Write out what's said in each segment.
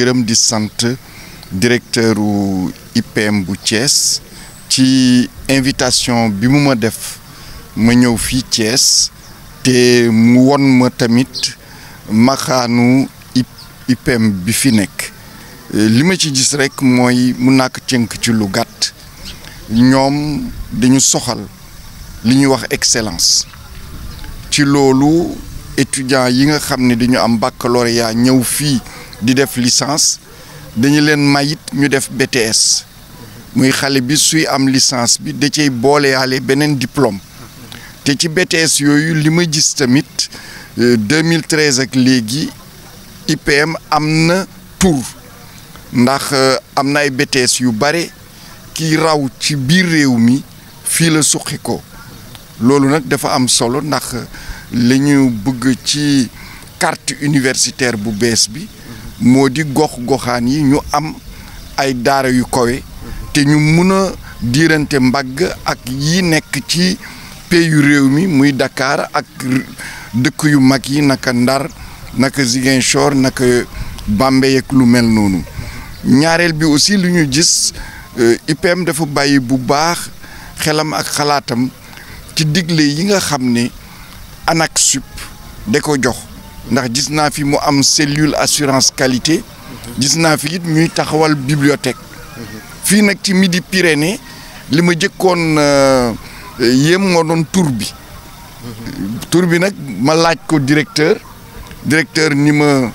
gërëm di sant directeur u IPM bu Thiès ci invitation bi mu ma def ma ñëw fi Thiès te mu won ma tamit makhanu IPM bi fi nekk li ma ci gis rek moy mu nak cënk ci lu soxal li wax excellence ci lolu étudiants yi nga xamni dañu am baccalauréat ñëw di def licence dañu leen mayit ñu def BTS muy xale bi suy am licence bi da cay booleyaale beneen diplôme te ci BTS yooyu li ma gis tamit 2013 euh, ak léegi IPM am na tur ndax euh, am na ay BTS yu bare ki raw ci biir réew mi fii la suqi ko loolu nag dafa am solo ndax euh, li bëgg ci carte universitaire bu bees bi moo di gox goxaan yi ñu am ay daara yu kawe te ñu mun a diirante mbagg ak yi nekk ci pays yu réew mi muy dakaar ak dëkk yu mag yi naka Ndar naka Ziguinchor naka Bambey ak lu mel noonu ñaareel bi aussi lu ñu gis euh, ipem dafa bàyyi bu baax xelam ak xalaatam ci digle yi nga xam ne ANAQ-Sup da ko jox ndax gis fi mu am cellule assurance qualité gis naa fi taxawal bibliothèque Fi nak ci Midi Pyrénées li ma yem euh, yéem moo doon bi tour bi nak ma laaj ko directeur directeur ni ma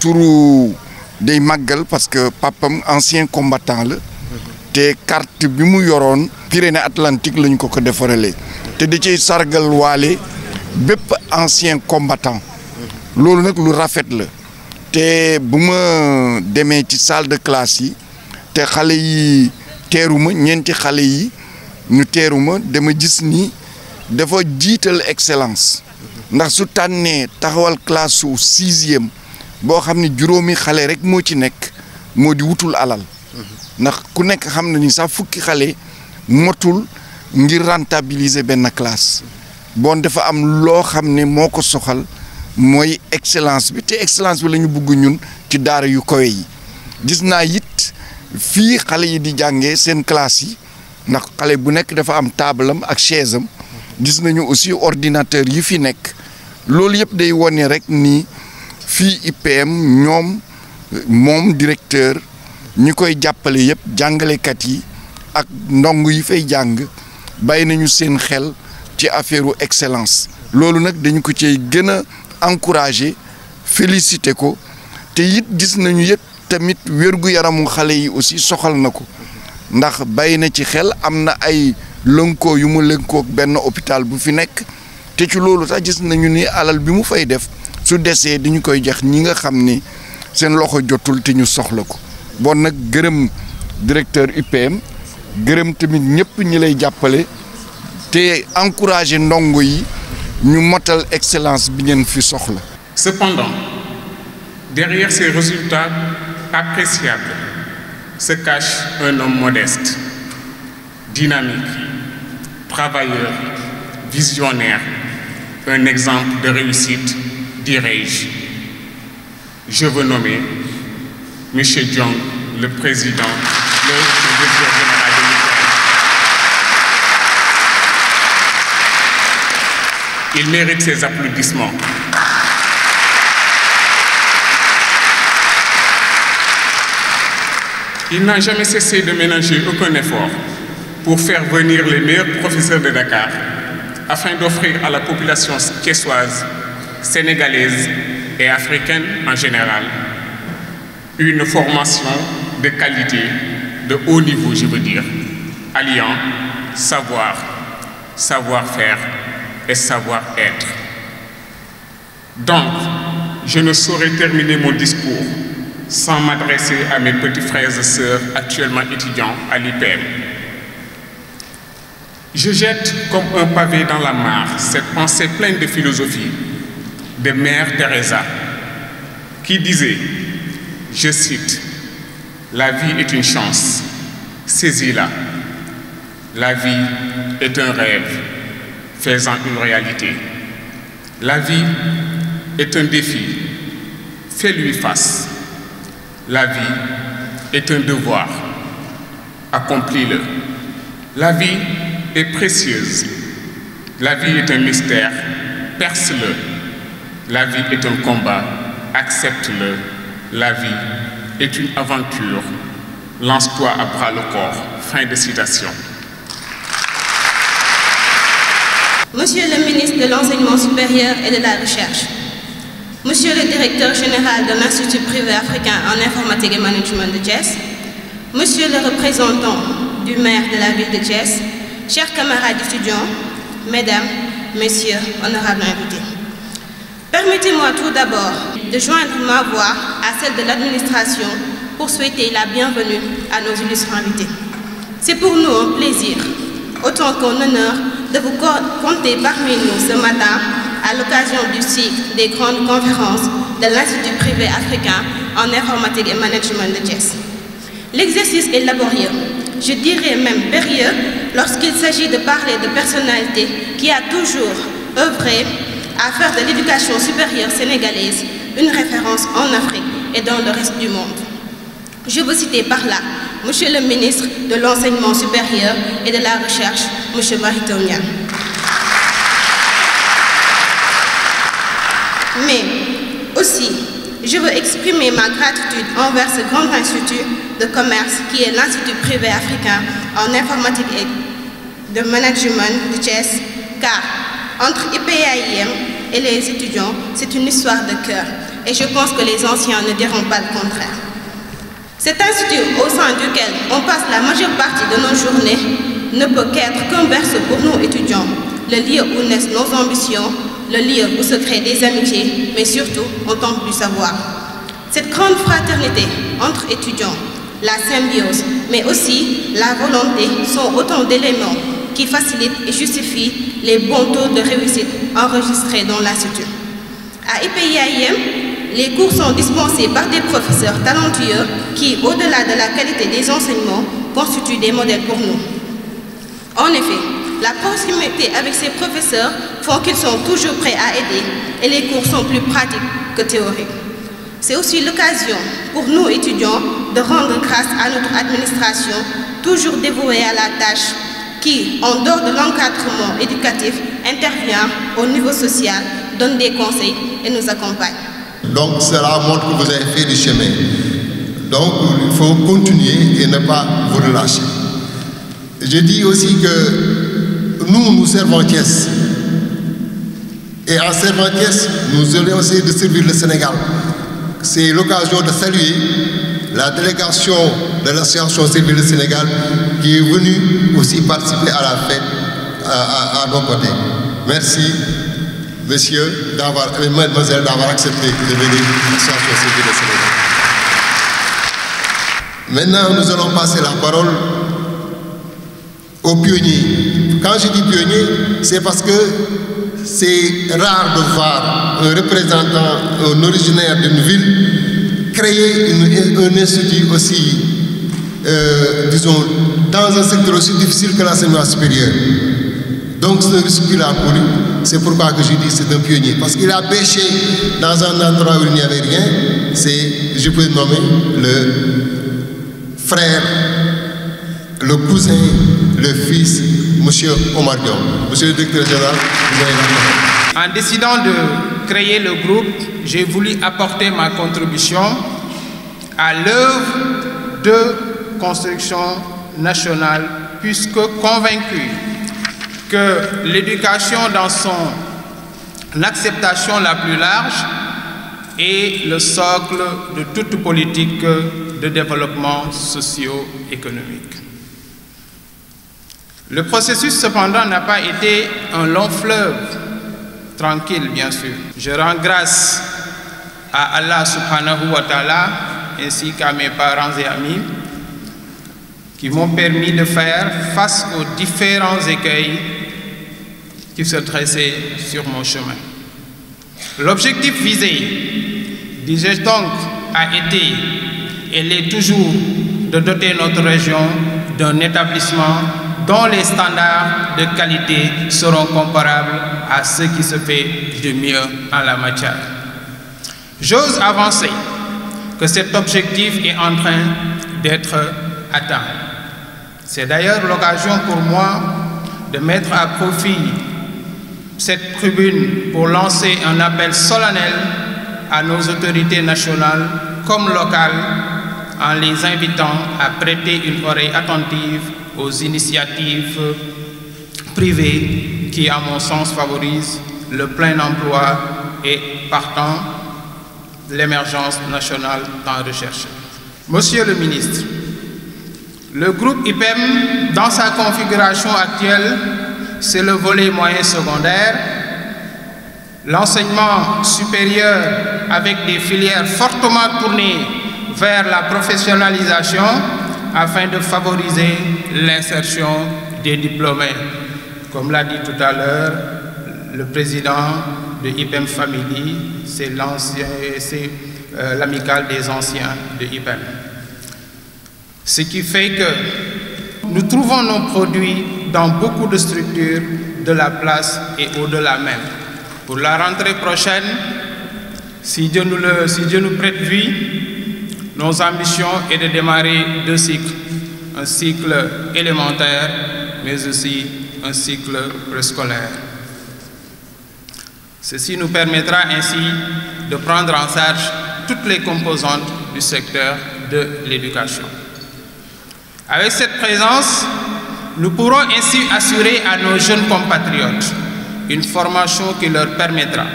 turu day màggal parce que papam ancien combattant le. té carte bi mu yoron Pyrénées Atlantique lañ ko ko defaralee té di ci sargal waale bép ancien combattant loolu nag lu rafet la te bu ma demee ci salle de classe yi te xale yi teeru ma ñeenti xale yi ñu teeru ma dama gis ni dafa jiital excellence ndax su tànnee taxawal classe su sixième boo xam ne juróomi xale rek moo ci nekk moo di wutul alal ndax ku nekk xam na ni sax fukki xale motul ngir rentabiliser benn classe bon dafa am loo xam ne moo ko soxal mooy excellence bi te excellence bi lañu ñu bugg ñun ci daara yu kawe yi gis naa it fii xale yi di jànge seen classe yi ndax xale bu nekk dafa am taabalam ak chaise am gis nañu aussi ordinateur yi fi nekk loolu yëpp day wone rek nii fii IPM ñoom moom directeur ñi koy jàppale yëpp jàngalekat yi ak ndong yi fay jàng bàyyi nañu seen xel ci affaire excellence loolu nag dañu ko ci gën a encouragé félicité ko te it gis nañu yëpp tamit wérgu yaramu xale yi aussi soxal na ko ndax bàyyi na ci xel am na ay lënkoo yu mu lënkoog benn hôpital bu fi nekk te ci loolu sax gis nañu ni alal bi mu fay def su desee dañu koy jox ñi nga xam ni seen loxo jotul te ñu soxla ko bon nag gërëm directeur UPM gërëm tamit ñëpp ñi lay jàppale te encouragé ndongo yi excellence Cependant, derrière ces résultats appréciables se cache un homme modeste, dynamique, travailleur, visionnaire, un exemple de réussite, dirais-je. Je veux nommer M. John, le président, Il mérite ses applaudissements. Il n'a jamais cessé de ménager aucun effort pour faire venir les meilleurs professeurs de Dakar afin d'offrir à la population quéchoise, sénégalaise et africaine en général une formation de qualité, de haut niveau, je veux dire, alliant savoir, savoir-faire savoir-être. Donc, je ne saurais terminer mon discours sans m'adresser à mes petits frères et sœurs actuellement étudiants à l'IPM. E je jette comme un pavé dans la mare cette pensée pleine de philosophie de Mère Teresa qui disait, je cite, La vie est une chance, saisis-la. La vie est un rêve, fais-en une réalité. La vie est un défi, fais-lui face. La vie est un devoir, accomplis-le. La vie est précieuse, la vie est un mystère, perce-le. La vie est un combat, accepte-le. La vie est une aventure, lance-toi à bras le corps. Fin de citation. Monsieur le ministre de l'Enseignement supérieur et de la Recherche, Monsieur le directeur général de l'Institut privé africain en informatique et management de Jess, Monsieur le représentant du maire de la ville de Jess, chers camarades étudiants, Mesdames, Messieurs, honorables invités. Permettez-moi tout d'abord de joindre ma voix à celle de l'administration pour souhaiter la bienvenue à nos illustres invités. C'est pour nous un plaisir autant qu'un honneur de vous compter parmi nous ce matin à l'occasion du cycle des grandes conférences de l'Institut privé africain en informatique et management de Jess. L'exercice est laborieux, je dirais même périlleux lorsqu'il s'agit de parler de personnalités qui a toujours œuvré à faire de l'éducation supérieure sénégalaise une référence en Afrique et dans le reste du monde. Je vous citer par là Monsieur le ministre de l'Enseignement supérieur et de la Recherche, Monsieur Maritonia. Mais aussi, je veux exprimer ma gratitude envers ce grand institut de commerce qui est l'Institut privé africain en informatique et de management du Chess, car entre IPAIM et les étudiants, c'est une histoire de cœur. Et je pense que les anciens ne diront pas le contraire. Cet institut au sein duquel on passe la majeure partie de nos journées ne peut qu'être qu'un berceau pour nos étudiants, le lieu où naissent nos ambitions, le lieu où se créent des amitiés, mais surtout on tente du savoir. Cette grande fraternité entre étudiants, la symbiose, mais aussi la volonté sont autant d'éléments qui facilitent et justifient les bons taux de réussite enregistrés dans l'institut. À IPIAIM, les cours sont dispensés par des professeurs talentueux qui, au-delà de la qualité des enseignements, constituent des modèles pour nous. En effet, la proximité avec ces professeurs font qu'ils sont toujours prêts à aider et les cours sont plus pratiques que théoriques. C'est aussi l'occasion pour nous étudiants de rendre grâce à notre administration, toujours dévouée à la tâche qui, en dehors de l'encadrement éducatif, intervient au niveau social, donne des conseils et nous accompagne. Donc cela montre que vous avez fait du chemin. Donc il faut continuer et ne pas vous relâcher. Je dis aussi que nous, nous servons Thiès. Et en servant Thiès, nous allons essayer de servir le Sénégal. C'est l'occasion de saluer la délégation de l'association civile du Sénégal qui est venue aussi participer à la fête à, à, à Merci. Monsieur, d'avoir, et mademoiselle, d'avoir accepté de venir sur ce de Maintenant, nous allons passer la parole aux pionniers. Quand je dis pionnier, c'est parce que c'est rare de voir un représentant, un originaire d'une ville, créer un institut aussi, euh, disons, dans un secteur aussi difficile que l'enseignement supérieur. Donc, ce risque qu'il a lui, c'est pourquoi que je dis que c'est un pionnier. Parce qu'il a pêché dans un endroit où il n'y avait rien. C'est, je peux nommer, le frère, le cousin, le fils, M. Omar Dion. M. le directeur général, vous avez la En décidant de créer le groupe, j'ai voulu apporter ma contribution à l'œuvre de construction nationale, puisque convaincu que l'éducation dans son acceptation la plus large est le socle de toute politique de développement socio-économique. Le processus, cependant, n'a pas été un long fleuve, tranquille bien sûr. Je rends grâce à Allah subhanahu wa ta'ala ainsi qu'à mes parents et amis qui m'ont permis de faire face aux différents écueils qui se dressait sur mon chemin. L'objectif visé, disais-je donc, a été et l'est toujours de doter notre région d'un établissement dont les standards de qualité seront comparables à ce qui se fait de mieux en la matière. J'ose avancer que cet objectif est en train d'être atteint. C'est d'ailleurs l'occasion pour moi de mettre à profit cette tribune pour lancer un appel solennel à nos autorités nationales comme locales en les invitant à prêter une oreille attentive aux initiatives privées qui, à mon sens, favorisent le plein emploi et, partant, l'émergence nationale dans recherche. Monsieur le ministre, le groupe IPEM, dans sa configuration actuelle, c'est le volet moyen secondaire. L'enseignement supérieur avec des filières fortement tournées vers la professionnalisation afin de favoriser l'insertion des diplômés. Comme l'a dit tout à l'heure le président de IPEM Family, c'est euh, l'amicale des anciens de IPEM. Ce qui fait que nous trouvons nos produits dans beaucoup de structures de la place et au-delà même. Pour la rentrée prochaine, si Dieu nous, le, si Dieu nous prête vie, nos ambitions est de démarrer deux cycles, un cycle élémentaire, mais aussi un cycle préscolaire. Ceci nous permettra ainsi de prendre en charge toutes les composantes du secteur de l'éducation. Avec cette présence, nous pourrons ainsi assurer à nos jeunes compatriotes une formation qui leur permettra,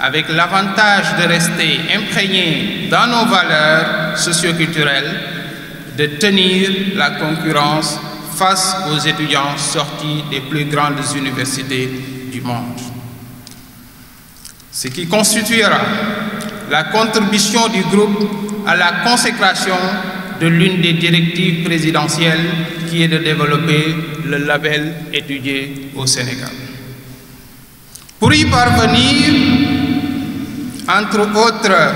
avec l'avantage de rester imprégnés dans nos valeurs socioculturelles, de tenir la concurrence face aux étudiants sortis des plus grandes universités du monde. Ce qui constituera la contribution du groupe à la consécration de l'une des directives présidentielles qui est de développer le label étudié au Sénégal. Pour y parvenir, entre autres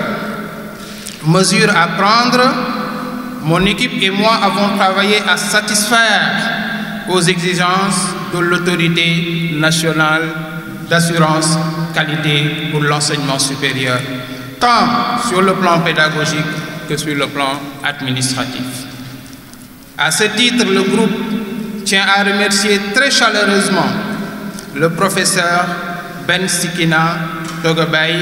mesures à prendre, mon équipe et moi avons travaillé à satisfaire aux exigences de l'autorité nationale d'assurance qualité pour l'enseignement supérieur, tant sur le plan pédagogique que sur le plan administratif. À ce titre, le groupe tient à remercier très chaleureusement le professeur Ben Sikina Togobay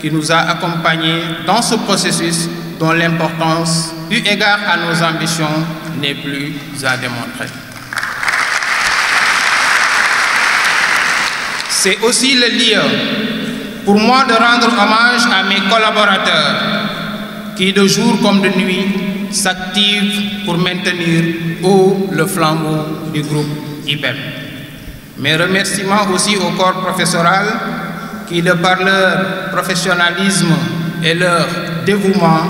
qui nous a accompagnés dans ce processus dont l'importance, du égard à nos ambitions, n'est plus à démontrer. C'est aussi le lieu pour moi de rendre hommage à mes collaborateurs qui de jour comme de nuit s'active pour maintenir haut le flambeau du groupe IPEP. E Mes remerciements aussi au corps professoral qui, de par leur professionnalisme et leur dévouement,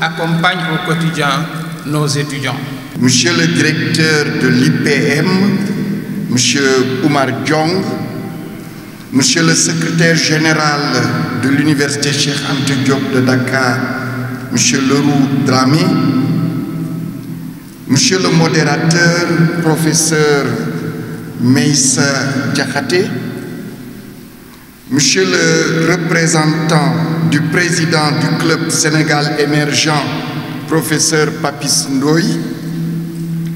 accompagnent au quotidien nos étudiants. Monsieur le directeur de l'IPM, e Monsieur Oumar Diong, Monsieur le secrétaire général de l'Université Cheikh Ante Diop de Dakar, M. Leroux Dramé, M. le modérateur, professeur Meissa Diakhaté, Monsieur le représentant du président du club Sénégal émergent, professeur Papis Ndoye,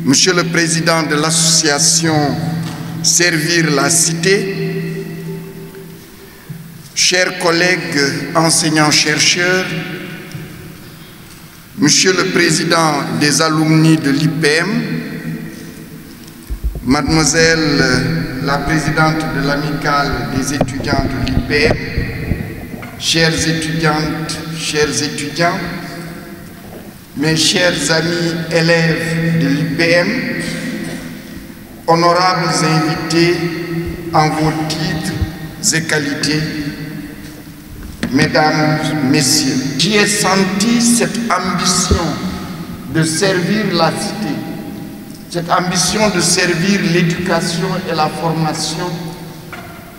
Monsieur le président de l'association Servir la Cité, chers collègues enseignants-chercheurs, Monsieur le Président des alumni de l'IPM, Mademoiselle euh, la Présidente de l'Amicale des étudiants de l'IPM, chères étudiantes, chers étudiants, mes chers amis élèves de l'IPM, honorables invités en vos titres et qualités, Mesdames, Messieurs, qui j'ai senti cette ambition de servir la cité, cette ambition de servir l'éducation et la formation,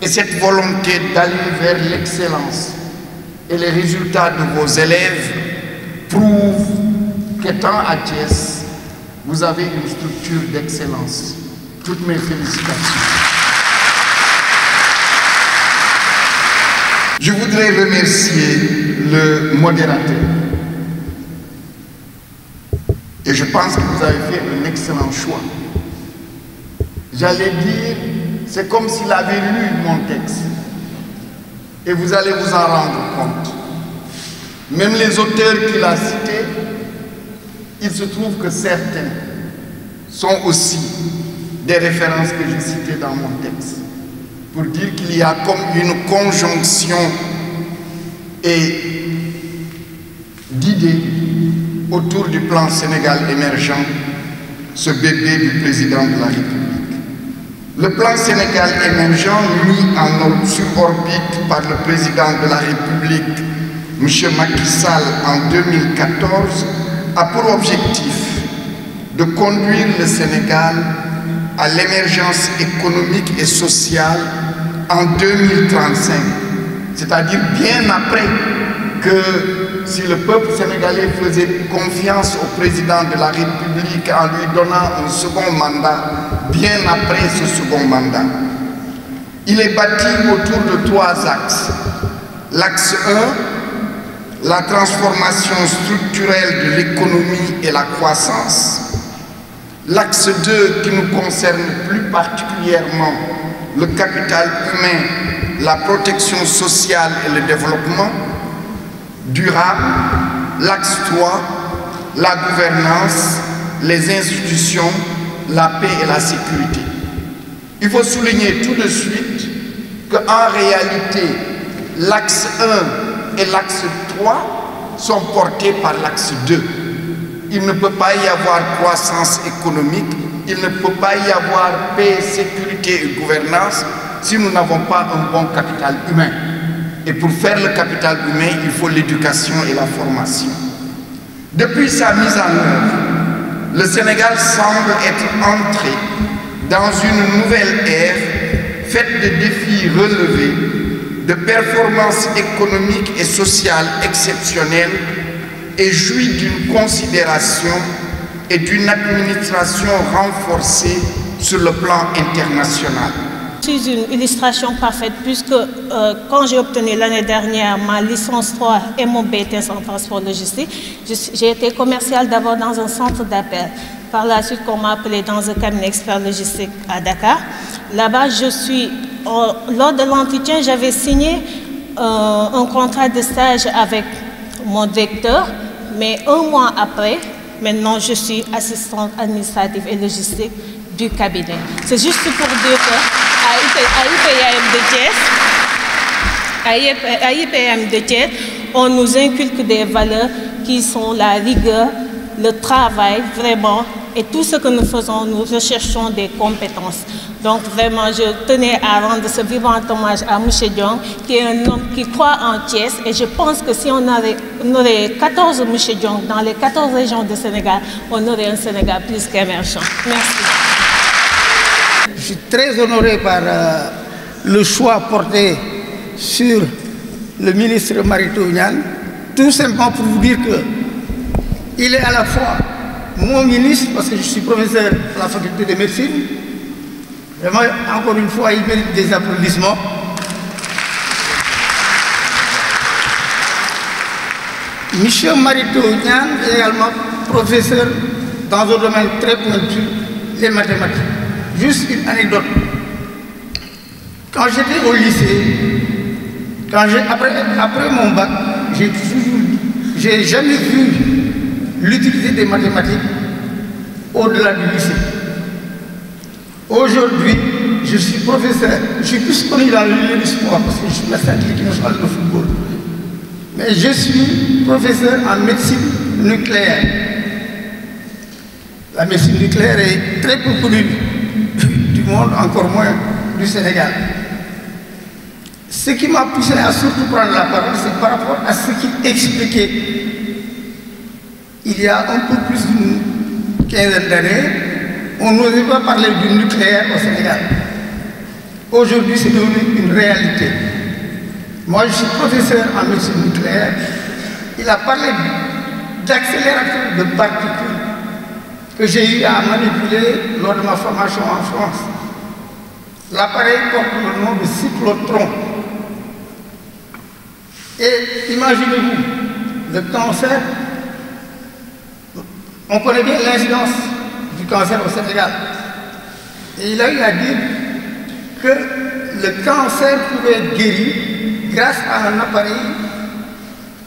et cette volonté d'aller vers l'excellence. Et les résultats de vos élèves prouvent qu'étant à Thiès, vous avez une structure d'excellence. Toutes mes félicitations. Je voudrais remercier le modérateur. Et je pense que vous avez fait un excellent choix. J'allais dire, c'est comme s'il avait lu mon texte. Et vous allez vous en rendre compte. Même les auteurs qu'il a cités, il se trouve que certains sont aussi des références que j'ai citées dans mon texte pour dire qu'il y a comme une conjonction et d'idées autour du plan Sénégal émergent, ce bébé du président de la République. Le plan Sénégal émergent mis en orbite par le président de la République, M. Macky Sall, en 2014, a pour objectif de conduire le Sénégal à l'émergence économique et sociale en 2035. C'est-à-dire bien après que si le peuple sénégalais faisait confiance au président de la République en lui donnant un second mandat, bien après ce second mandat. Il est bâti autour de trois axes. L'axe 1, la transformation structurelle de l'économie et la croissance. L'axe 2 qui nous concerne plus particulièrement, le capital humain, la protection sociale et le développement durable. L'axe 3, la gouvernance, les institutions, la paix et la sécurité. Il faut souligner tout de suite qu'en réalité, l'axe 1 et l'axe 3 sont portés par l'axe 2. Il ne peut pas y avoir croissance économique, il ne peut pas y avoir paix, sécurité et gouvernance si nous n'avons pas un bon capital humain. Et pour faire le capital humain, il faut l'éducation et la formation. Depuis sa mise en œuvre, le Sénégal semble être entré dans une nouvelle ère faite de défis relevés, de performances économiques et sociales exceptionnelles et jouit d'une considération et d'une administration renforcée sur le plan international. C'est une illustration parfaite puisque euh, quand j'ai obtenu l'année dernière ma licence 3 et mon BTS en transport logistique, j'ai été commercial d'abord dans un centre d'appel. Par la suite, qu'on m'a appelé dans un cabinet expert logistique à Dakar. Là-bas, je suis, lors de l'entretien, j'avais signé euh, un contrat de stage avec mon directeur mais un mois après, maintenant, je suis assistante administrative et logistique du cabinet. C'est juste pour dire qu'à IPM de Tiet, on nous inculque des valeurs qui sont la rigueur, le travail, vraiment et tout ce que nous faisons, nous recherchons des compétences. Donc vraiment, je tenais à rendre ce vivant hommage à Mouché Diong, qui est un homme qui croit en Thiès. Et je pense que si on, avait, aurait 14 Mouché Diong dans les 14 régions du Sénégal, on aurait un Sénégal plus Merchant. Merci. Je suis très honoré par euh, le choix porté sur le ministre Marie tout simplement pour vous dire que il est à la fois mon ministre, parce que je suis professeur à la faculté de médecine, moi, encore une fois, il mérite des applaudissements. Michel Marito Nian également professeur dans un domaine très pointu, les mathématiques. Juste une anecdote. Quand j'étais au lycée, quand après, après mon bac, j'ai toujours, j'ai jamais vu l'utilité des mathématiques au-delà du lycée. Aujourd'hui, je suis professeur, je suis plus connu dans le milieu du sport parce que je suis master qui de football. Mais je suis professeur en médecine nucléaire. La médecine nucléaire est très peu connue du monde, encore moins du Sénégal. Ce qui m'a poussé à surtout prendre la parole, c'est par rapport à ce qui expliquait il y a un peu plus de quinzaine d'années, on n'osait pas parler du nucléaire au Sénégal. Aujourd'hui, c'est devenu une réalité. Moi, je suis professeur en médecine nucléaire. Il a parlé d'accélérateur de particules que j'ai eu à manipuler lors de ma formation en France. L'appareil porte le nom de cyclotron. Et imaginez-vous, le cancer on connaît bien l'incidence du cancer au Sénégal. Et il a eu à dire que le cancer pouvait être guéri grâce à un appareil,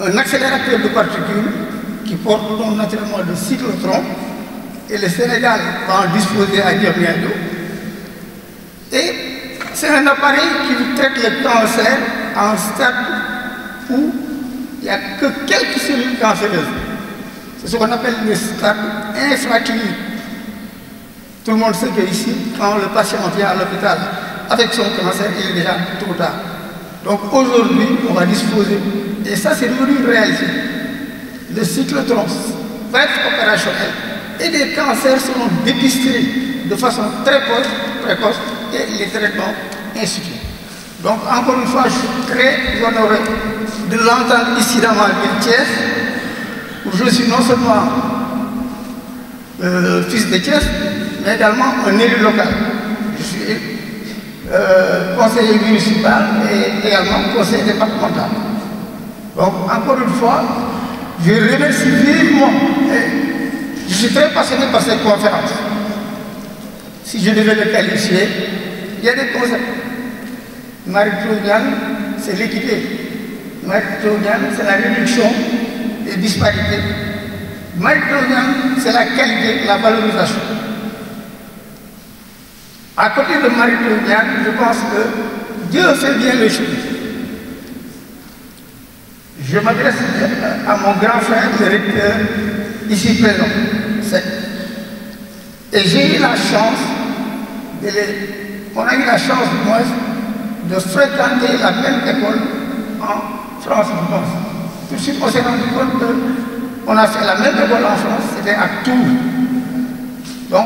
un accélérateur de particules qui porte le nom naturellement de cyclotron. Et le Sénégal va en disposer à dire bientôt. Et c'est un appareil qui traite le cancer en stade où il n'y a que quelques cellules cancéreuses ce qu'on appelle le stade infractuelles. Tout le monde sait qu'ici, quand le patient vient à l'hôpital avec son cancer, il est déjà trop tard. Donc aujourd'hui, on va disposer, et ça c'est devenu une réalité, le cyclotron va être opérationnel et des cancers seront dépistés de façon très précoce et les traitements insuffisants. Donc encore une fois, je suis très honoré de l'entendre ici dans ma ville où je suis non seulement euh, fils de pièce mais également un élu local. Je suis euh, conseiller municipal et également conseiller départemental. Donc, encore une fois, je remercie vivement. je suis très passionné par cette conférence. Si je devais le qualifier, il y a des concepts. Marie c'est l'équité. Marie c'est la réduction et disparités. marie c'est la qualité, la valorisation. À côté de marie je pense que Dieu fait bien le choses. Je m'adresse à mon grand frère, directeur ici présent. Et j'ai eu la chance, on a eu la chance, moi, de fréquenter la même école en France, je pense je me suis rendu compte qu'on a fait la même école en France, c'était à Tours. Donc,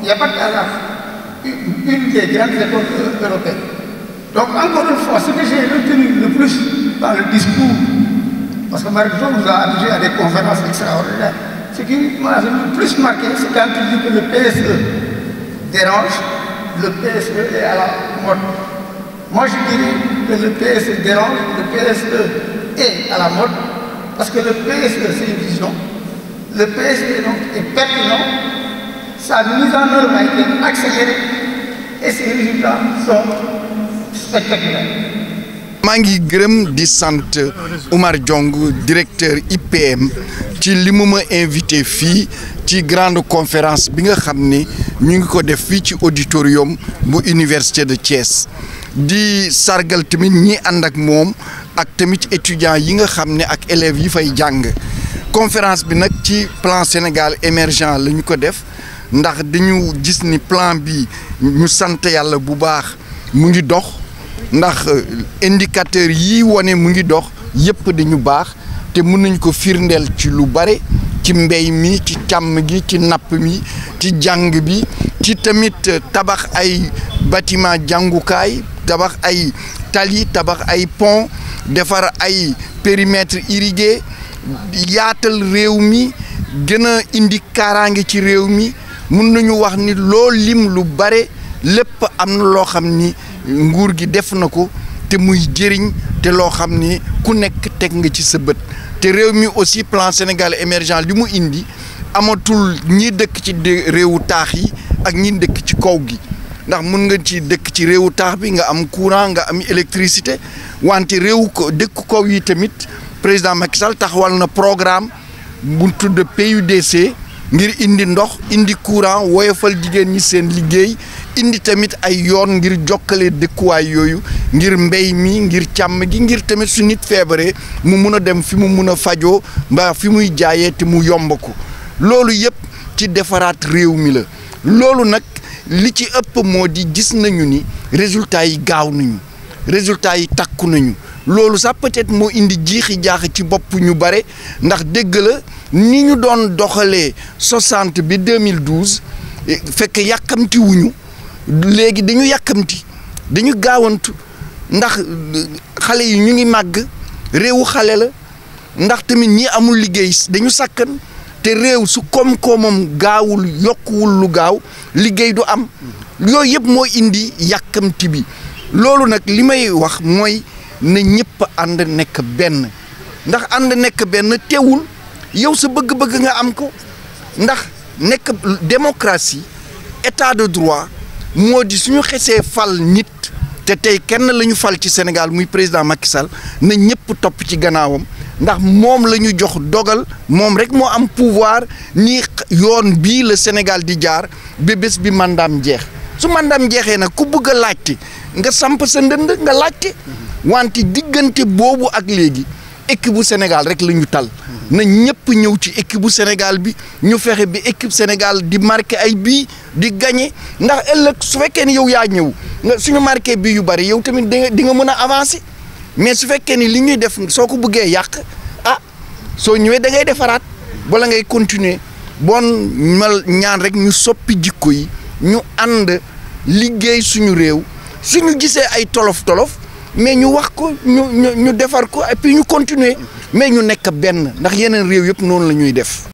il n'y a pas de Une, des grandes écoles euh, européennes. Donc, encore une fois, ce que j'ai retenu le plus par le discours, parce que Marie-Jo nous a habitués à des conférences extraordinaires, ce qui m'a le plus marqué, c'est quand il dit que le PSE dérange, le PSE est à la mode. Moi, je dirais que le PSE dérange, le PSE et à la mode, parce que le PSP e, c'est une vision. Le PSP e, donc, est pertinent, sa mise en œuvre a été accélérée et ses résultats sont spectaculaires. Mangi suis Omar di directeur IPM qui invité à grande conférence bi nga auditorium université de Thiès di sargal ñi étudiants et nga élèves yi conférence bi plan Sénégal émergent la avons ko def ndax plan bi Santé. santé le ndax euh, indicateur yi wane mu ngi dox yëpp dañu baax te mun nañ ko firndeel ci lu bare ci mbéy mi ci càmm gi ci napp mi ci jàng bi ci tamit euh, tabax ay bâtiment jàngukaay tabax ay tali tabax ay pon defar ay périmètre irrigué yaatal réew mi gën a indi kaaraange ci réew mi mun nañu wax ni loo lim lu bare lépp am na loo xam ni nguur gi def na ko te muy jëriñ te loo xam ni ku nekk teg nga ci sa bët te réew mi aussi plan Sénégal émergent li mu indi amatul ñi dëkk ci réewu taax yi ak ñi dëkk ci kaw gi ndax mun nga ci dëkk ci réewu taax bi nga am courant nga ami électricité wante réewu ko dëkk kaw yi tamit président Macky Sall taxawal na programme bu tudd PUDC ngir indi ndox indi courant woyofal jigéen ñi seen liggéey indi tamit ay yoon ngir jokkale dëkkuwaay yooyu ngir mbéy mi ngir càmm gi ngir tamit su nit feebaree mu mun a dem fi mu mun a fajoo mbaa fi muy jaayee te mu yomb ko loolu yëpp ci defaraat réew mi la loolu nag li ci ëpp moo di gis nañu ni résultat yi gaaw nañu résultat yi takku nañu loolu sax peut-être moo indi jiixi jaax ci bopp ñu bare ndax dégg la ni ñu doon doxalee 60 bi 2012 eh, fekk yàkkamti léegi dañu yàkkamti dañu gaawantu ndax xale yi ñu ngi màgg réewu xale la ndax tamit ñi amul liggéey dañu sàkkan te réew su koom-koomam gaawul yokkuwul lu gaaw liggéey du am yooyu yëpp moo indi yàkkamti bi loolu nag li may wax mooy na ñëpp ànd nekk benn ndax ànd nekk benn teewul yow sa bëgg-bëgg nga am ko ndax nekk démocratie état de droit moo di suñu xesee fal nit te tey kenn la ñu fal ci Sénégal muy président Macky Sall na ñëpp topp ci gannaawam ndax moom la ñu jox dogal moom rek moo am pouvoir ni yoon bii la Sénégal di jaar ba bés bi mandaam jeex su mandaam jeexee nag ku bëgg a laajte nga samp sa ndënd nga laajte wante diggante boobu ak léegi équipe bu Sénégal rek la ñu tal na ñëpp ñëw ci équipe bu Sénégal bi ñu fexe bi équipe Sénégal di marqué ay bi di gagné ndax ëllëg su fekkee ni yow yaa ñëw suñu marqué bi yu bari yow tamit di nga mën a avancé mais su fekkee ni li ñuy def soo ko bëggee yàq ah soo ñëwee da ngay defaraat bala ngay continuer bon mal ñaan rek ñu soppi jikko yi ñu ànd liggéey suñu réew suñu gisee ay tolof-tolof mais ñu wax ko ñu ñu defar ko et puis ñu continuer mais ñu nekk benn ndax yeneen réew yëpp noonu la ñuy def